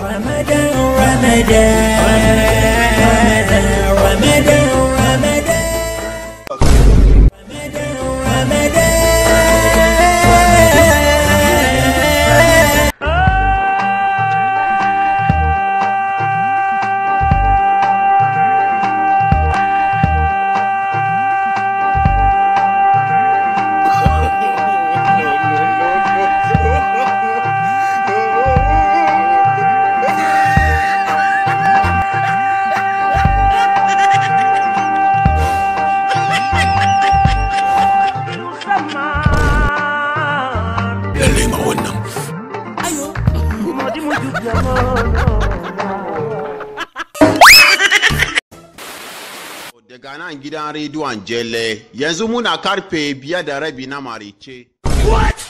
Ramadan, Ramadan, Ramadan, Ramadan, Ramadan, Ramadan, ma wannan daga nan gidan rediyon jele yanzu muna karfe biya da rabi na marice What?